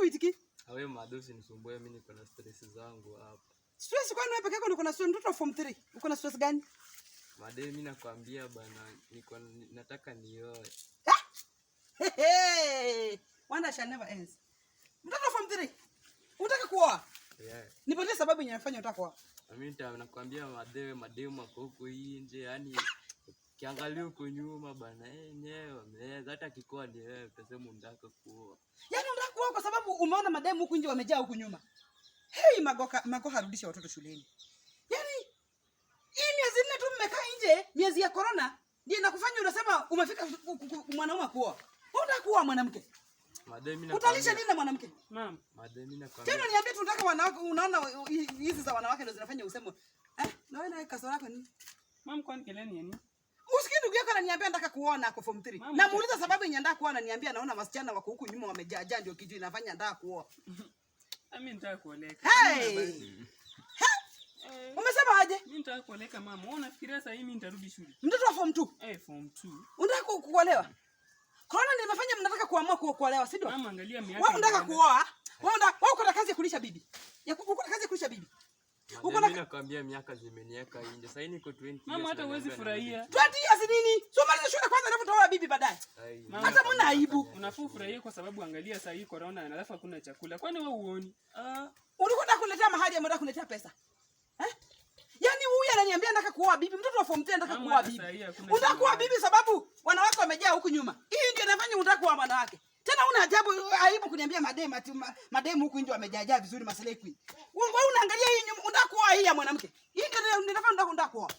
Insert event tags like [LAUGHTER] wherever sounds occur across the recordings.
vipi uitiki? Awe ah, madu usinisumbue mimi niko na stress zangu hapa. Stress kwani wewe peke yako niko na stress mtoto form 3. Uko na stress gani? Made mimi nakwambia bana niko nataka nioe. Hey, hey. Wonder shall never end. Mtoto form 3. Unataka kuoa? Yeah. Nipatie sababu yenye inafanya unataka kuoa. Mimi nitakwambia madewe mademu wako huko nje yani Kiangalia huko nyuma bana, yenyewe eh, wameweza eh, hata kikoa ni wewe utasema unataka kuoa. Yaani unataka kuoa kwa sababu umeona mademu huku nje wamejaa huku nyuma. Hey, Magoka Magoka harudisha watoto shuleni. Yaani hii miezi nne tu mmekaa nje, miezi ya corona ndio inakufanya unasema umefika mwanaume kuoa. Wewe unataka kuoa mwanamke? Mademi na Utalisha nini na mwanamke? Mama. Mademi na kwa. Tena niambie tu unataka wanawake unaona hizi za wanawake ndio zinafanya useme Eh, na wewe na kasoro yako nini? Mama kwani keleni yani? ananiambia nataka kuona kwa form 3. Namuuliza sababu yenye anataka kuona ananiambia naona wasichana wako huku nyuma wamejaa jaa ndio kitu inafanya anataka kuoa. [LAUGHS] Mimi nataka kuoleka. Hey. Hey. Eh. Umesema aje? Mimi nataka kuoleka mama. Wewe unafikiria sasa hivi nitarudi shule? Mtoto wa form 2. Eh, hey, form 2. Unataka kuolewa? Corona nimefanya mnataka kuamua kuolewa, si ndio? Mama, angalia miaka. Wewe unataka kuoa? Wewe unataka kazi ya kulisha bibi. Nakwambia miaka zimenieka nje. Sasa niko 20. Mama hata huwezi furahia. 20 years nini? So maliza shule kwanza alafu utaoa bibi baadaye. Hata mbona aibu? Unafuu furahia kwa sababu angalia sasa hii corona na alafu hakuna chakula. Kwani wewe uoni? Ah. Ulikwenda kuletea mahali ya mwanadamu kuletea pesa. Eh? Yaani huyu ananiambia nataka kuoa bibi, mtoto wa form 10 nataka kuoa bibi. Unataka kuoa bibi sababu wanawake wamejaa huku nyuma. Hii ndio inafanya unataka kuoa wanawake. Tena una ajabu aibu kuniambia mademu mademu huku nje wamejaa vizuri maselekwi. Wewe unaangalia ya mwanamke Hii ndio kuoa.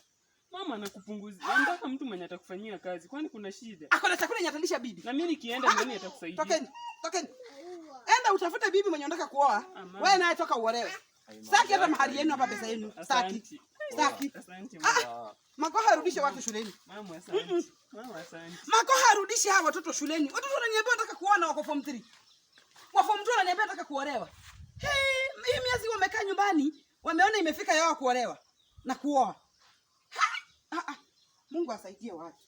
Mama anakupunguzia. Anataka yaani mtu mwenye atakufanyia kazi. Kwani kuna shida? Ako na chakula nyatalisha bibi. Na mimi nikienda ah, nani atakusaidia? Tokeni. Tokeni. Enda utafute bibi mwenye unataka kuoa. Wewe naye toka uolewe. Saki hata mahari yenu hapa pesa yenu. Saki. Saki. Ah, Makoha arudishe watu shuleni. Mama asante. Mama asante. Makoha arudishe hawa watoto shuleni. Watoto wananiambia nataka kuoa wako form 3. Wa form 2 wananiambia nataka kuolewa. Hii miezi wamekaa nyumbani wameona imefika yao kuolewa na kuoa. Mungu asaidie watu.